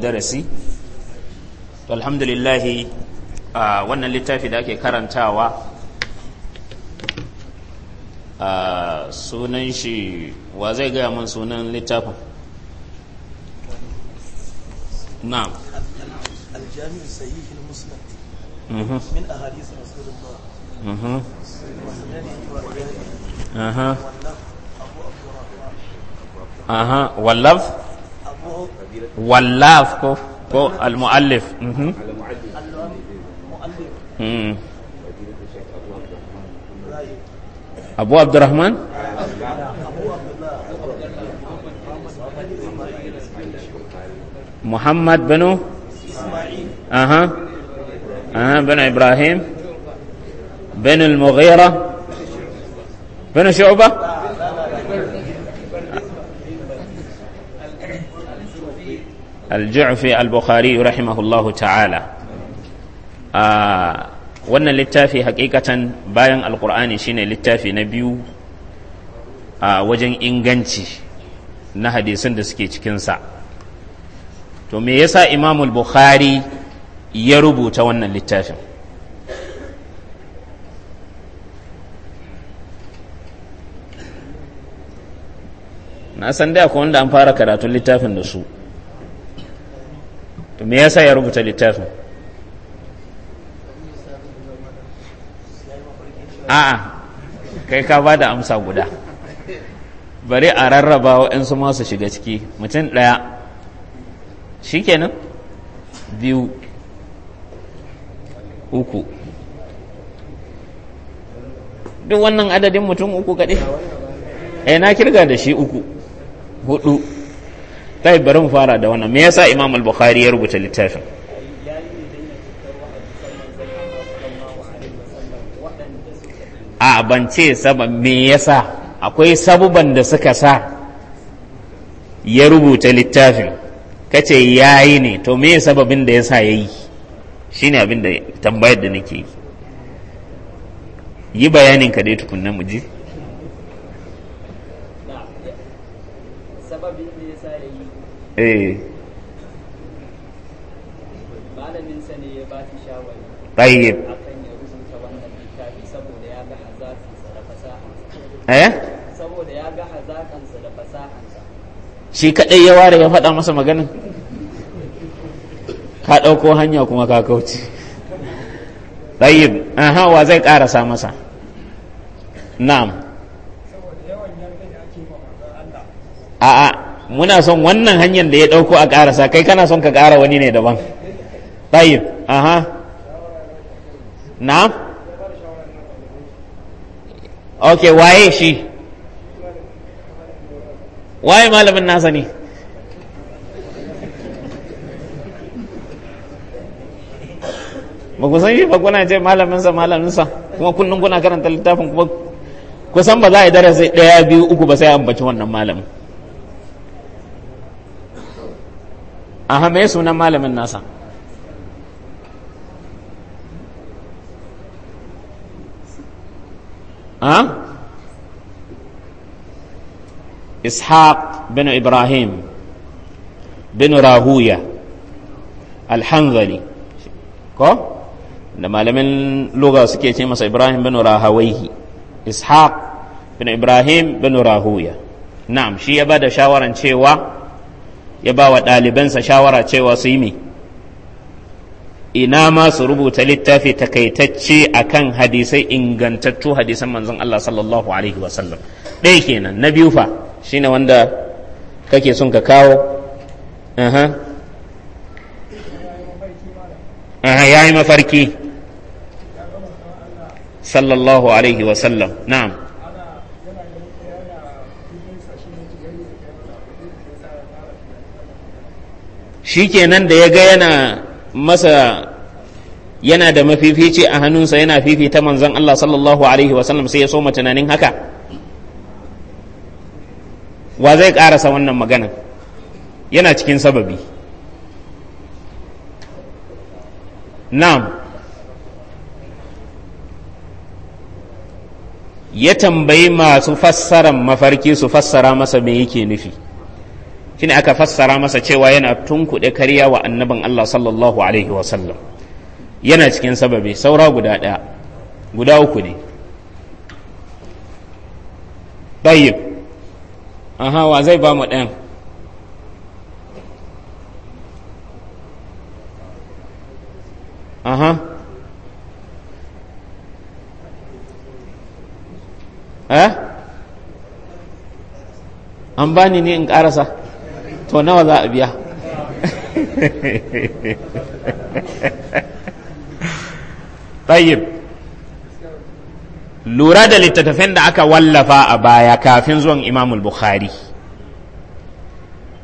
darasi alhamdulillahi uh, wannan littafi da ake karantawa uh, sunan shi wa zai gaya mun sunan littafin na'am aljami'u sahih al-muslim mhm. min ahadith rasulullah mhm aha aha wallaf ولاف كو المؤلف أبو عبد الرحمن محمد بن أها أها بن إبراهيم بن المغيرة بن شعبة aljufi al-bukhari rahimahullahu ta'ala a ah, wannan littafi hakikatan bayan alkur'ani shine littafi na biyu a wajen inganci na hadisan da suke cikinsa to me yasa imamul bukhari ya rubuta wannan littafin na san da wanda an fara karatun littafin da su me yasa ya rubuta littafin a'a kai ka ba da amsa guda bari a rarraba waɗansu masu shiga ciki mutum ɗaya shi kenan biyu uku duk wannan adadin mutum uku kaɗe? eh na kirga da shi uku hudu tai bari mu fara da wannan me yasa imam al-bukhari ya rubuta littafin a ban ce saba me yasa akwai sabuban da suka sa ya rubuta littafin kace yayi ne to me sababin da yasa yayi shine abin da tambayar da nake yi yi bayanin ka dai tukunna mu ji sababin da yasa yayi eh malamin ne ya ba shi shawari ya eh saboda ya ware ya faɗa masa maganin ka ɗauko hanya kuma ka kauce ɗayyib aha wa zai ƙarasa masa na'am a'a muna son wannan hanyar da ya ɗauko a ƙarasa kai kana son ka ƙara wani ne daban tayyib aha na ok waye shi waye malamin nasa ne ba ku san shi ba kuna ce malaminsa malaminsa kuma kullum kuna karanta littafin kuma kusan ba za a yi darasi ɗaya biyu uku ba sai an ambaci wannan malamin aha mai sunan malamin nasa a ishaq bin ibrahim bin rahuya alhanzali ko da malamin loga suke ce masa ibrahim bin rahawaihi ishaq bin ibrahim bin rahuya na'am shi ya ba da shawaran cewa ya ba wa ɗalibansa shawara cewa su yi ina ma su rubuta littafi takaitacce akan hadisai ingantattu hadisan manzon Allah sallallahu alaihi wasallam ɗaya kenan na biyu fa shine wanda kake son ka kawo ya yi mafarki sallallahu alaihi wasallam na'am Shi nan da ya ga yana masa yana da mafifici a hannunsa yana fifita manzon Allah sallallahu alaihi wasallam sai ya soma tunanin haka wa zai karasa wannan magana yana cikin sababi na'am ya tambayi masu fassaran mafarki su fassara masa me yake nufi shine aka fassara masa cewa yana tunkuɗe karya wa annabin Allah sallallahu alaihi wasallam yana cikin sababi saura guda ɗaya guda uku ne tayyib aha wa zai ba mu ɗayan aha eh an bani ne in ƙarasa to nawa za a biya tayyib lura da littattafan da aka wallafa a baya kafin zuwan imamul bukhari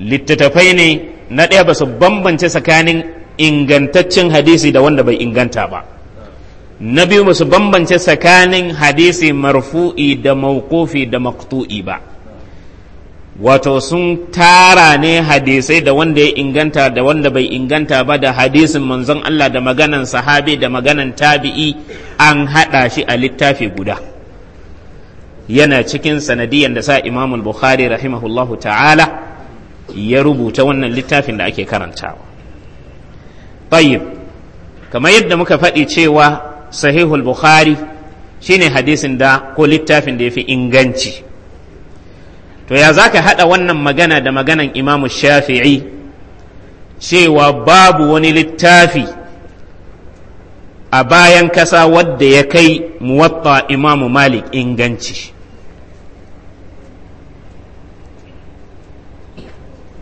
littattafai ne na ɗaya ba su bambance tsakanin ingantaccen hadisi da wanda bai inganta ba na biyu ba su bambance tsakanin hadisi marfu'i da maukufi da maktu'i ba wato sun tara ne hadisai da wanda ya inganta da wanda bai inganta ba da hadisin manzon Allah da maganan sahabi da maganan tabi'i an haɗa shi a littafi guda yana cikin sanadiyan da sa imamul bukhari rahimahullahu ta'ala ya rubuta wannan littafin da ake karantawa tayyib kamar yadda muka faɗi cewa sahihul bukhari shine hadisin da ko littafin da ya fi inganci to ya za ka haɗa wannan magana da maganan imamu shafi'i cewa babu wani littafi a bayan kasa wadda ya kai muwatta imamu malik inganci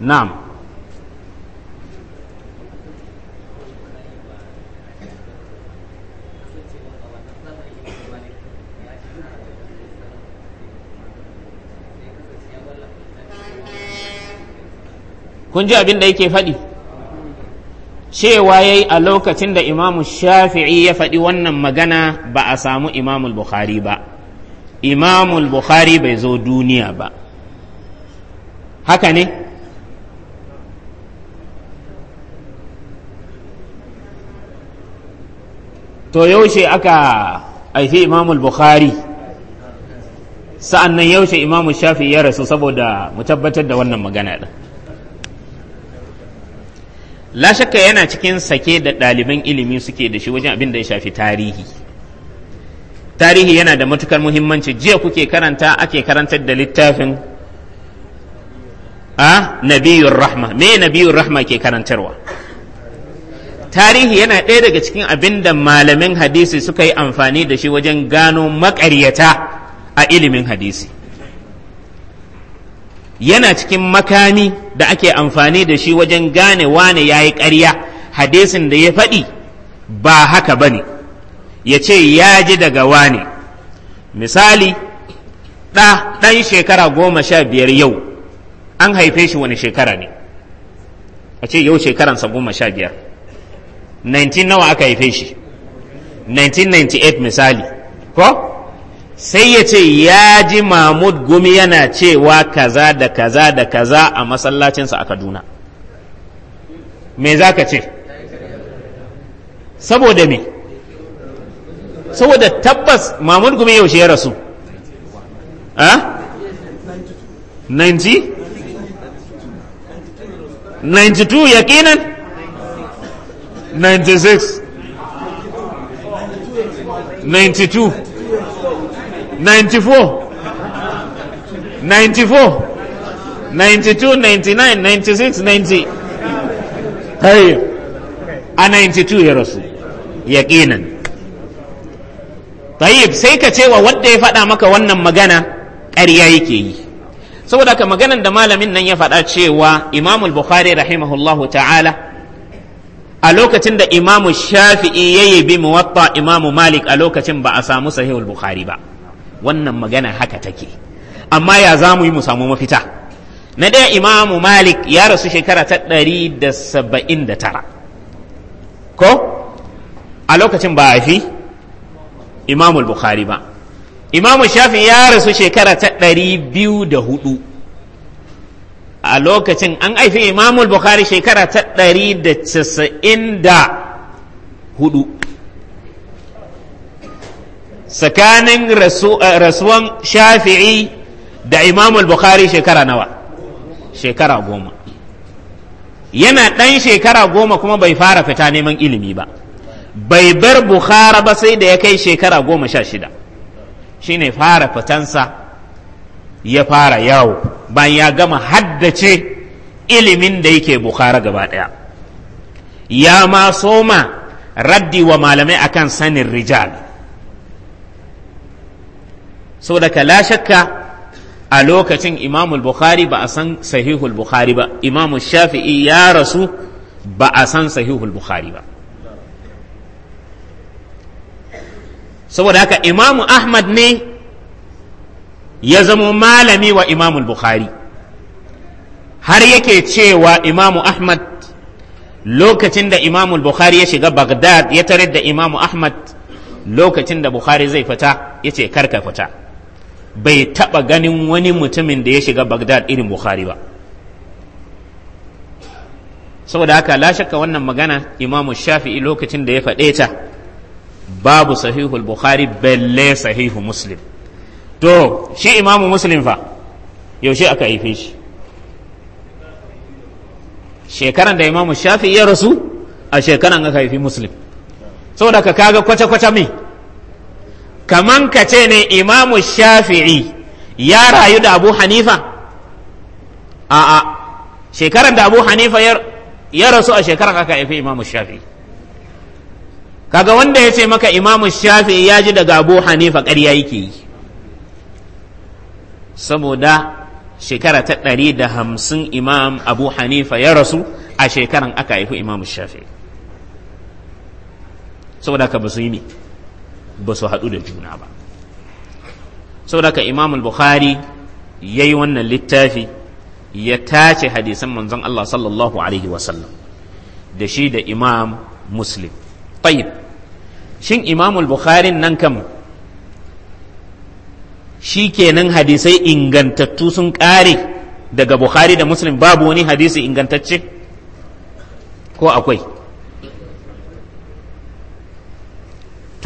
na'am kun ji abin da yake faɗi cewa yayi a lokacin da imamu shafi'i ya faɗi wannan magana ba a samu imamul bukhari ba imamul bukhari bai zo duniya ba haka ne to yaushe aka haifi imamul bukhari sa'an nan yaushe imamu shafi ya rasu saboda mu tabbatar da wannan magana ɗin la shakka yana cikin sake da ɗaliban ilimi suke da shi wajen abin da ya shafi tarihi tarihi yana da matukar muhimmanci jiya kuke karanta ake karantar da littafin a nabiyun rahma me nabiyun rahma ke karantarwa tarihi yana ɗaya daga cikin abin da malamin hadisi suka yi amfani da shi wajen gano makaryata a ilimin hadisi yana cikin makami da ake amfani da shi wajen gane wane ya yi ƙarya hadisin da ya faɗi ba haka ba ne ya ce ya ji daga wane misali ɗan shekara goma sha biyar yau an haife shi wani shekara ne a ce yau shekaransa goma sha biyar 19 nawa aka haife shi 1998 misali ko sai ya ce ya ji mahmud gumi yana cewa kaza da kaza da kaza a masallacinsa a kaduna me za ka ce saboda me saboda tabbas mahmud gumi yaushe ya rasu a 90 92 yakinan 96 92 94 92 99 96 90 tayyib a 92 ya rasu yaqinan tayyib sai ka ce wa wanda ya faɗa maka wannan magana ƙarya yake yi saboda ka maganan da malamin nan ya faɗa cewa imamul bukhari rahimahullahu ta'ala a lokacin da imamu shafi'i ya yi bi muwatta imamu malik a lokacin ba a samu sahihul bukhari ba wannan magana haka take amma ya za mu yi mu samu mafita na ɗaya imamu malik ya rasu shekara ta ɗari da saba'in da tara ko a lokacin ba a fi Imamu bukhari ba imamu shafi ya rasu shekara ta ɗari biyu da hudu a lokacin an haifi imamul bukhari shekara ta ɗari da casa'in da hudu tsakanin eh, rasuwan shafi'i da imam al-bukhari shekara nawa shekara goma yana ɗan shekara goma kuma bai fara fita neman ilimi ba bai bar bukhara ba sai da ya kai shekara goma sha shida shi ne fara fitansa ya fara yawo bayan ya gama haddace ilimin da yake bukhara gaba ɗaya ya ma soma raddi wa malamai akan sanin rijal saboda ka la shakka a lokacin imamul bukhari ba a san sahihul bukhari ba imamul shafi'i ya rasu ba a san sahihul bukhari ba saboda haka imamu ahmad ne ya zamo malami wa imamul bukhari har yake cewa imamu ahmad lokacin da imamul bukhari ya shiga bagdad ya tarar da imamu ahmad lokacin da bukhari zai fita ya ce karka fita bai taɓa ganin wani mutumin da ya shiga Baghdad irin Bukhari ba saboda haka la shakka wannan magana imamu shafi'i lokacin da ya faɗe ta babu sahihul Bukhari balle sahihu Muslim to shi imamu Muslim fa yaushe aka haife shi shekaran da imamu shafi'i ya rasu a shekaran aka haifi Muslim saboda ka kaga kwace-kwace mai kaman ka ce ne imamu shafi'i ya rayu da abu hanifa a'a shekarar da abu hanifa ya rasu a shekarar aka haifi imamu shafi'i kaga wanda ya ce maka imamu shafi'i ya ji daga abu hanifa ƙarya yake yi saboda shekara ta ɗari da hamsin imam abu hanifa ya rasu a shekaran aka haifi imamu shafi'i saboda ka ba su yi ne ba su haɗu da juna ba saboda ka imam al-bukhari ya yi wannan littafi ya tace hadisan manzon Allah sallallahu alaihi wasallam da shi da imam muslim tayyib shin imam al-bukhari nan kam shi kenan hadisai ingantattu sun ƙare daga bukhari da muslim babu wani hadisi ingantacce ko akwai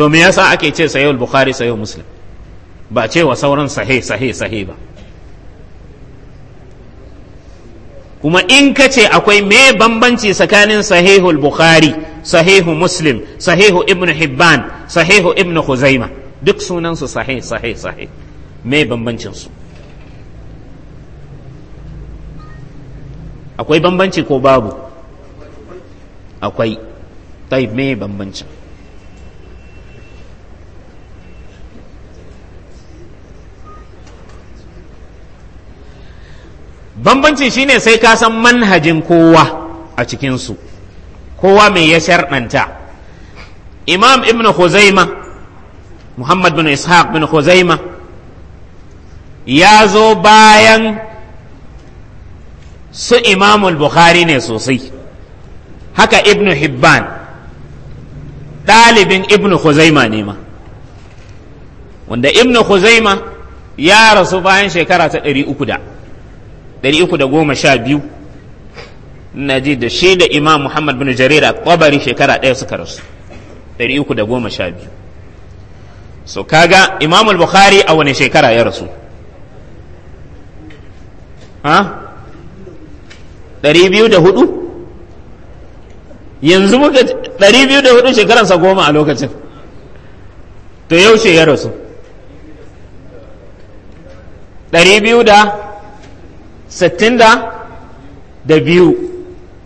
to me yasa ake ce sahihul bukhari sahihul muslim ba ce wa sauran sahih sahih sahih ba kuma in ka ce akwai me bambanci tsakanin sahihul bukhari sahihu muslim sahihu ibn hibban sahihu ibn khuzaima duk sunansu sahih sahih sahih me bambancinsu akwai bambanci ko babu akwai tai me bambancin bambanci shine sai ka san manhajin kowa a cikinsu kowa mai ya sharɗanta imam ibn khuzaima muhammad bin ishaq bin khuzaima ya zo bayan su imamul bukhari ne sosai haka ibn hibban ɗalibin ibn khuzaima ne ma wanda ibn khuzaima ya rasu bayan shekara ta ɗari uku da 312 na ji da shi da imam muhammad bin jarira a kwabari shekara ɗaya suka rasu 312 so kaga imam al-bukhari a wani shekara ya rasu ha 204 yanzu muka 204 sa goma a lokacin to yaushe ya rasu 200 sittin da da biyu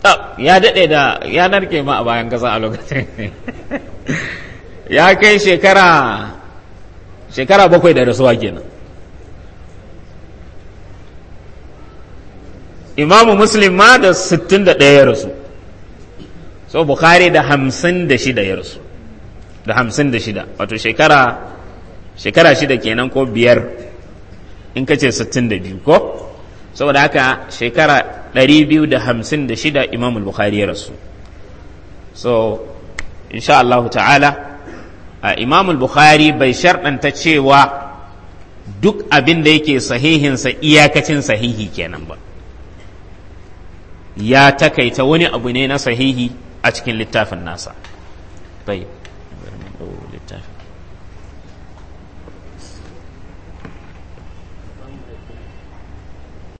ah, ya daɗe da ya narke ma a bayan ƙasa a lokacin ya kai shekara shekara bakwai da rasuwa kenan imamu muslim ma da sittin da ɗaya ya rasu so bukari da hamsin da shida ya rasu da hamsin da shida wato shekara shekara shida kenan ko biyar in ka ce sittin da biyu ko saboda haka shekara 256 imam al-bukhari ya rasu so insha Allah ta'ala a imam al-bukhari bai sharɗanta cewa duk abin da yake sahihinsa iyakacin sahihi kenan ba ya takaita wani abu ne na sahihi a cikin littafin nasa طيب